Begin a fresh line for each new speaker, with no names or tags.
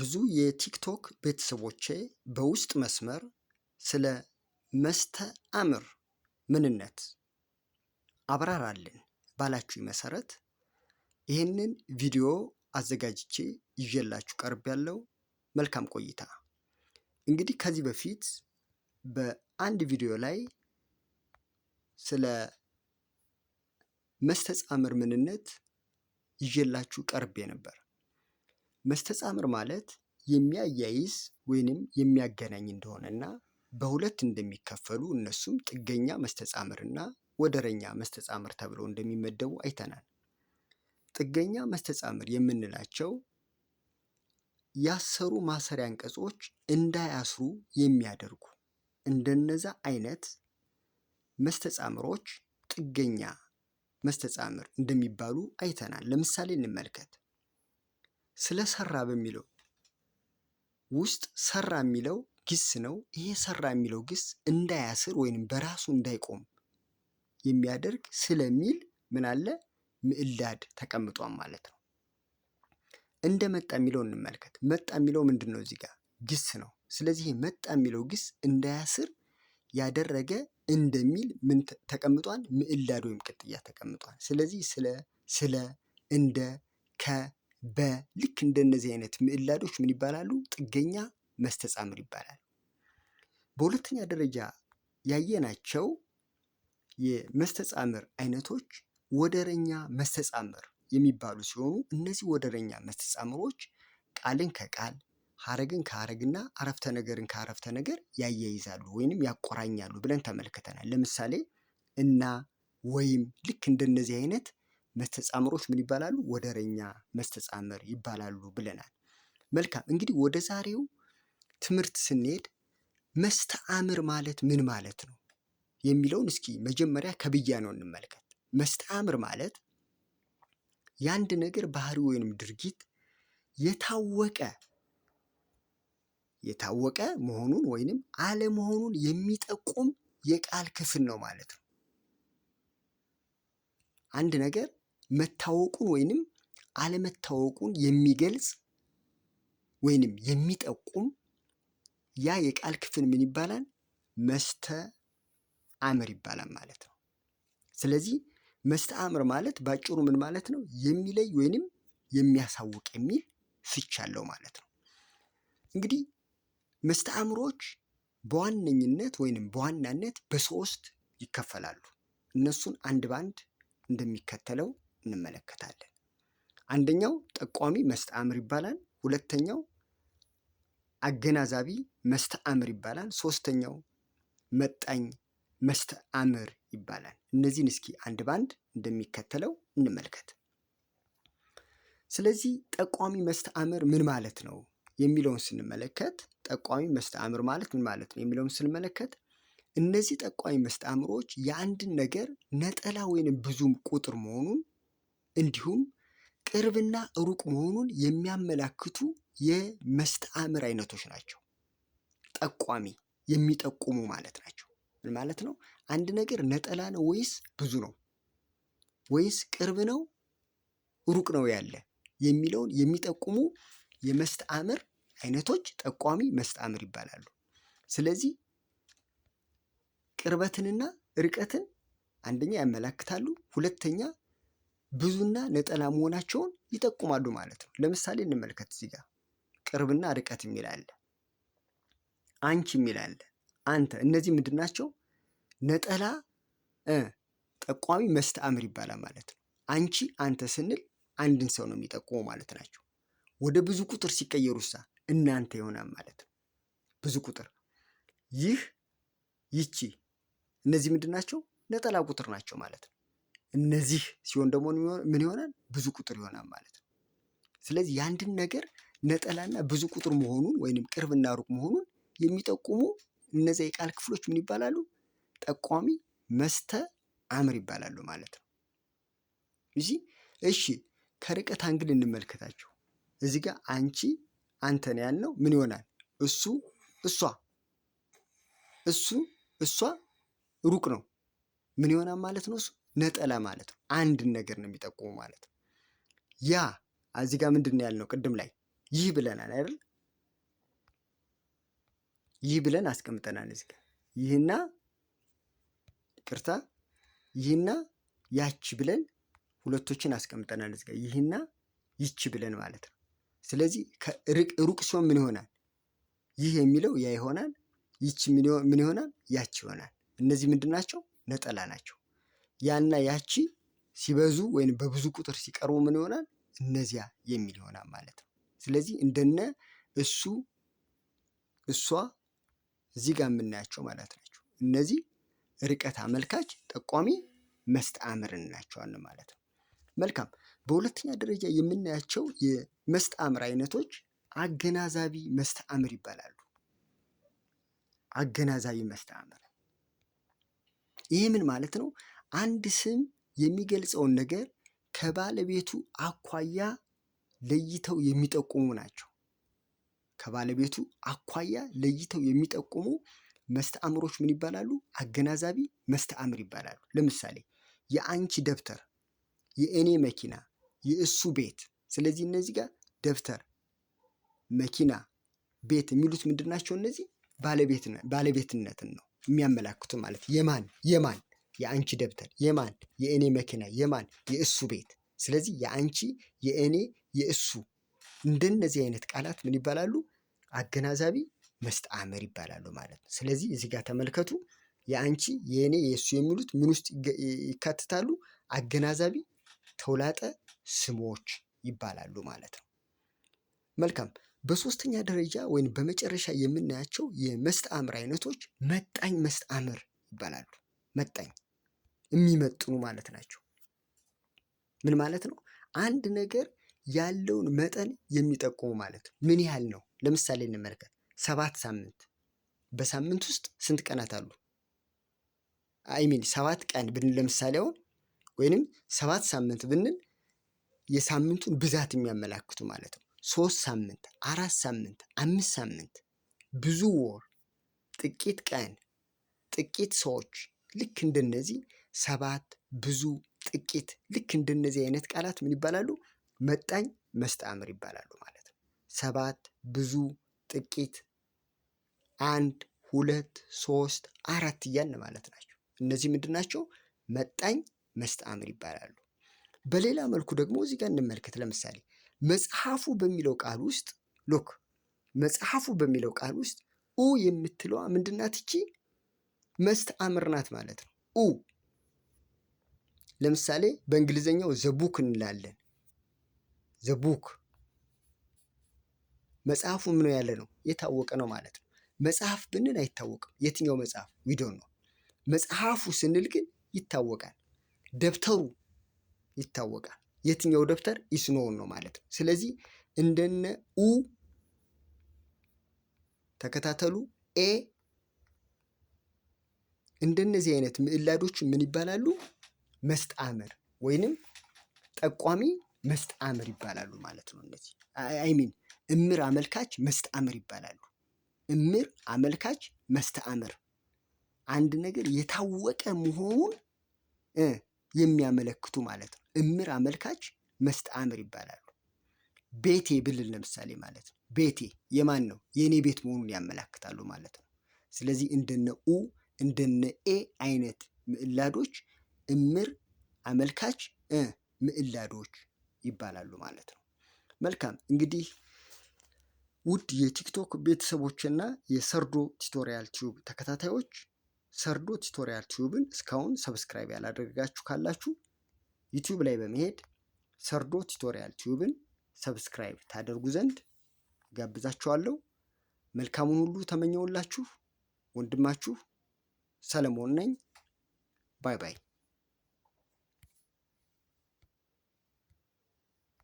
ብዙ የቲክቶክ ቤተሰቦቼ በውስጥ መስመር ስለ መስተአምር ምንነት አብራራልን ባላችሁ መሰረት ይህንን ቪዲዮ አዘጋጅቼ ይዤላችሁ ቀርብ ያለው መልካም ቆይታ። እንግዲህ ከዚህ በፊት በአንድ ቪዲዮ ላይ ስለ መስተጻምር ምንነት ይዤላችሁ ቀርቤ ነበር። መስተጻምር ማለት የሚያያይዝ ወይንም የሚያገናኝ እና በሁለት እንደሚከፈሉ እነሱም ጥገኛ እና ወደረኛ መስተጻምር ተብለው እንደሚመደቡ አይተናል። ጥገኛ መስተጻምር የምንላቸው ያሰሩ ማሰሪያ አንቀጾች እንዳያስሩ የሚያደርጉ እንደነዛ አይነት መስተጻምሮች ጥገኛ መስተጻምር እንደሚባሉ አይተናል። ለምሳሌ እንመልከት። ስለ ሰራ በሚለው ውስጥ ሰራ የሚለው ግስ ነው። ይሄ ሰራ የሚለው ግስ እንዳያስር ወይንም በራሱ እንዳይቆም የሚያደርግ ስለሚል ምን አለ ምዕላድ ተቀምጧል ማለት ነው። እንደ መጣ የሚለው እንመልከት። መጣ የሚለው ምንድን ነው? እዚህ ጋር ግስ ነው። ስለዚህ መጣ የሚለው ግስ እንዳያስር ያደረገ እንደሚል ምን ተቀምጧል? ምዕላድ ወይም ቅጥያ ተቀምጧል። ስለዚህ ስለ ስለ እንደ ከ በልክ ልክ እንደነዚህ አይነት ምዕላዶች ምን ይባላሉ ጥገኛ መስተጻምር ይባላል። በሁለተኛ ደረጃ ያየናቸው የመስተጻምር አይነቶች ወደረኛ መስተጻምር የሚባሉ ሲሆኑ እነዚህ ወደረኛ መስተጻምሮች ቃልን ከቃል ሀረግን ከሀረግና አረፍተ ነገርን ከአረፍተ ነገር ያያይዛሉ ወይንም ያቆራኛሉ ብለን ተመልክተናል። ለምሳሌ እና ወይም ልክ እንደነዚህ አይነት መስተጻምሮች ምን ይባላሉ? ወደረኛ መስተጻምር ይባላሉ ብለናል። መልካም እንግዲህ ወደ ዛሬው ትምህርት ስንሄድ መስተአምር ማለት ምን ማለት ነው የሚለውን እስኪ መጀመሪያ ከብያ ነው እንመልከት። መስተአምር ማለት የአንድ ነገር ባህሪ ወይንም ድርጊት የታወቀ የታወቀ መሆኑን ወይንም አለመሆኑን የሚጠቁም የቃል ክፍል ነው ማለት ነው። አንድ ነገር መታወቁን ወይንም አለመታወቁን የሚገልጽ ወይንም የሚጠቁም ያ የቃል ክፍል ምን ይባላል? መስተአምር ይባላል ማለት ነው። ስለዚህ መስተአምር ማለት ባጭሩ ምን ማለት ነው? የሚለይ ወይንም የሚያሳውቅ የሚል ፍች አለው ማለት ነው። እንግዲህ መስተአምሮች በዋነኝነት ወይንም በዋናነት በሶስት ይከፈላሉ። እነሱን አንድ በአንድ እንደሚከተለው እንመለከታለን። አንደኛው ጠቋሚ መስተአምር ይባላል። ሁለተኛው አገናዛቢ መስተአምር ይባላል። ሶስተኛው መጣኝ መስተአምር ይባላል። እነዚህን እስኪ አንድ ባንድ እንደሚከተለው እንመልከት። ስለዚህ ጠቋሚ መስተአምር ምን ማለት ነው የሚለውን ስንመለከት ጠቋሚ መስተአምር ማለት ምን ማለት ነው የሚለውን ስንመለከት እነዚህ ጠቋሚ መስተአምሮች የአንድን ነገር ነጠላ ወይንም ብዙም ቁጥር መሆኑን እንዲሁም ቅርብና ሩቅ መሆኑን የሚያመላክቱ የመስተአምር አይነቶች ናቸው። ጠቋሚ የሚጠቁሙ ማለት ናቸው። ምን ማለት ነው? አንድ ነገር ነጠላ ነው ወይስ ብዙ ነው ወይስ ቅርብ ነው ሩቅ ነው ያለ የሚለውን የሚጠቁሙ የመስተአምር አይነቶች ጠቋሚ መስተአምር ይባላሉ። ስለዚህ ቅርበትንና ርቀትን አንደኛ ያመላክታሉ፣ ሁለተኛ ብዙና ነጠላ መሆናቸውን ይጠቁማሉ ማለት ነው። ለምሳሌ እንመልከት እዚህ ጋር ቅርብና ርቀት የሚል አለ። አንቺ የሚል አለ። አንተ እነዚህ ምንድን ናቸው? ነጠላ ጠቋሚ መስተአምር ይባላል ማለት ነው። አንቺ አንተ ስንል አንድን ሰው ነው የሚጠቁመው ማለት ናቸው። ወደ ብዙ ቁጥር ሲቀየሩ ሳ እናንተ ይሆናል ማለት ነው። ብዙ ቁጥር ይህ፣ ይቺ እነዚህ ምንድን ናቸው? ነጠላ ቁጥር ናቸው ማለት ነው። እነዚህ ሲሆን ደግሞ ምን ይሆናል ብዙ ቁጥር ይሆናል ማለት ነው። ስለዚህ የአንድን ነገር ነጠላና ብዙ ቁጥር መሆኑን ወይንም ቅርብና ሩቅ መሆኑን የሚጠቁሙ እነዚያ የቃል ክፍሎች ምን ይባላሉ? ጠቋሚ መስተ አምር ይባላሉ ማለት ነው። እዚህ እሺ ከርቀት አንግል እንመልከታቸው። እዚህ ጋር አንቺ አንተ ነው ያልነው ምን ይሆናል? እሱ እሷ እሱ እሷ ሩቅ ነው ምን ይሆናል ማለት ነው እሱ ነጠላ ማለት ነው። አንድን ነገር ነው የሚጠቁሙ ማለት ነው። ያ እዚህ ጋር ምንድን ነው ያልነው? ቅድም ላይ ይህ ብለናል አይደል? ይህ ብለን አስቀምጠናል። እዚህ ጋር ይህና ቅርታ ይህና ያቺ ብለን ሁለቶችን አስቀምጠናል። እዚህ ጋር ይህና ይቺ ብለን ማለት ነው። ስለዚህ ሩቅ ሲሆን ምን ይሆናል? ይህ የሚለው ያ ይሆናል። ይቺ ምን ይሆናል? ያቺ ይሆናል። እነዚህ ምንድን ናቸው? ነጠላ ናቸው። ያና ያቺ ሲበዙ ወይም በብዙ ቁጥር ሲቀርቡ ምን ይሆናል? እነዚያ የሚል ይሆናል ማለት ነው። ስለዚህ እንደነ እሱ እሷ እዚህ ጋር የምናያቸው ማለት ናቸው። እነዚህ ርቀት አመልካች ጠቋሚ መስተአምርን እናያቸዋለን ማለት ነው። መልካም። በሁለተኛ ደረጃ የምናያቸው የመስተአምር አይነቶች አገናዛቢ መስተአምር ይባላሉ። አገናዛቢ መስተአምር ይሄ ምን ማለት ነው? አንድ ስም የሚገልጸውን ነገር ከባለቤቱ አኳያ ለይተው የሚጠቁሙ ናቸው። ከባለቤቱ አኳያ ለይተው የሚጠቁሙ መስተአምሮች ምን ይባላሉ? አገናዛቢ መስተአምር ይባላሉ። ለምሳሌ የአንቺ ደብተር፣ የእኔ መኪና፣ የእሱ ቤት። ስለዚህ እነዚህ ጋር ደብተር፣ መኪና፣ ቤት የሚሉት ምንድን ናቸው? እነዚህ ባለቤትነትን ነው የሚያመላክቱ ማለት የማን የማን የአንቺ ደብተር የማን የእኔ መኪና የማን የእሱ ቤት ስለዚህ የአንቺ የእኔ የእሱ እንደነዚህ አይነት ቃላት ምን ይባላሉ አገናዛቢ መስተአምር ይባላሉ ማለት ነው ስለዚህ እዚህ ጋር ተመልከቱ የአንቺ የእኔ የእሱ የሚሉት ምን ውስጥ ይካትታሉ አገናዛቢ ተውላጠ ስሞች ይባላሉ ማለት ነው መልካም በሶስተኛ ደረጃ ወይም በመጨረሻ የምናያቸው የመስተአምር አይነቶች መጣኝ መስተአምር ይባላሉ መጣኝ የሚመጥኑ ማለት ናቸው። ምን ማለት ነው? አንድ ነገር ያለውን መጠን የሚጠቁሙ ማለት ነው። ምን ያህል ነው? ለምሳሌ እንመልከት። ሰባት ሳምንት በሳምንት ውስጥ ስንት ቀናት አሉ? አይሚን ሰባት ቀን ብንል ለምሳሌ አሁን ወይንም ሰባት ሳምንት ብንል የሳምንቱን ብዛት የሚያመላክቱ ማለት ነው። ሶስት ሳምንት፣ አራት ሳምንት፣ አምስት ሳምንት፣ ብዙ ወር፣ ጥቂት ቀን፣ ጥቂት ሰዎች ልክ እንደነዚህ ሰባት፣ ብዙ፣ ጥቂት ልክ እንደነዚህ አይነት ቃላት ምን ይባላሉ? መጣኝ መስተአምር ይባላሉ ማለት ነው። ሰባት፣ ብዙ፣ ጥቂት፣ አንድ፣ ሁለት፣ ሶስት፣ አራት እያልን ማለት ናቸው። እነዚህ ምንድን ናቸው? መጣኝ መስተአምር ይባላሉ። በሌላ መልኩ ደግሞ እዚህ ጋር እንመልከት። ለምሳሌ መጽሐፉ በሚለው ቃል ውስጥ ሎክ መጽሐፉ በሚለው ቃል ውስጥ ኡ የምትለዋ ምንድናት? እቺ መስተኣምር ናት ማለት ነው። ኡ ለምሳሌ በእንግሊዘኛው ዘቡክ እንላለን። ዘቡክ መጽሐፉ ምን ያለ ነው የታወቀ ነው ማለት ነው። መጽሐፍ ብንል አይታወቅም። የትኛው መጽሐፍ ዊዶን ነው። መጽሐፉ ስንል ግን ይታወቃል። ደብተሩ ይታወቃል። የትኛው ደብተር ይስኖውን ነው ማለት ነው። ስለዚህ እንደነ ኡ ተከታተሉ ኤ እንደነዚህ አይነት ምዕላዶች ምን ይባላሉ? መስጣምር ወይንም ጠቋሚ መስጣምር ይባላሉ ማለት ነው። እነዚህ አይሚን እምር አመልካች መስጣምር ይባላሉ። እምር አመልካች መስተአምር አንድ ነገር የታወቀ መሆኑን የሚያመለክቱ ማለት ነው። እምር አመልካች መስተአምር ይባላሉ። ቤቴ ብልል ለምሳሌ ማለት ነው። ቤቴ የማን ነው? የእኔ ቤት መሆኑን ያመላክታሉ ማለት ነው። ስለዚህ እንደነ ኡ እንደነ ኤ አይነት ምዕላዶች እምር አመልካች ምዕላዶች ይባላሉ ማለት ነው። መልካም እንግዲህ ውድ የቲክቶክ ቤተሰቦችና የሰርዶ ቲቶሪያል ቲዩብ ተከታታዮች ሰርዶ ቲቶሪያል ቲዩብን እስካሁን ሰብስክራይብ ያላደረጋችሁ ካላችሁ ዩቲዩብ ላይ በመሄድ ሰርዶ ቲቶሪያል ቲዩብን ሰብስክራይብ ታደርጉ ዘንድ ጋብዛችኋለሁ። መልካሙን ሁሉ ተመኘውላችሁ። ወንድማችሁ ሰለሞን ነኝ። ባይ ባይ።